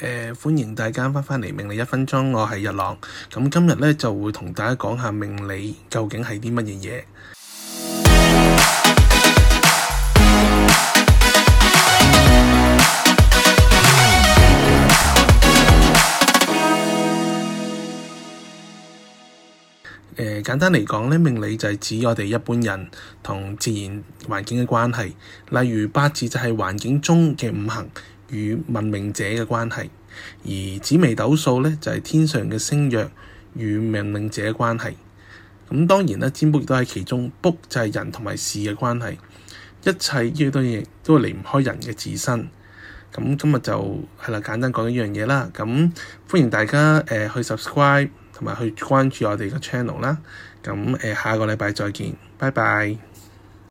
誒、呃，歡迎大家返返嚟，命理一分鐘，我係日朗。咁今日咧就會同大家講下命理究竟係啲乜嘢嘢。誒、呃，簡單嚟講咧，命理就係指我哋一般人同自然環境嘅關係，例如八字就係環境中嘅五行。與文明者嘅關係，而紫微斗數咧就係、是、天上嘅星曜與文明者嘅關係。咁當然啦，占卜亦都係其中。卜就係人同埋事嘅關係，一切呢啲嘢都亦都離唔開人嘅自身。咁今日就係啦，簡單講呢樣嘢啦。咁歡迎大家誒、呃、去 subscribe 同埋去關注我哋嘅 channel 啦。咁誒、呃、下個禮拜再見，拜拜。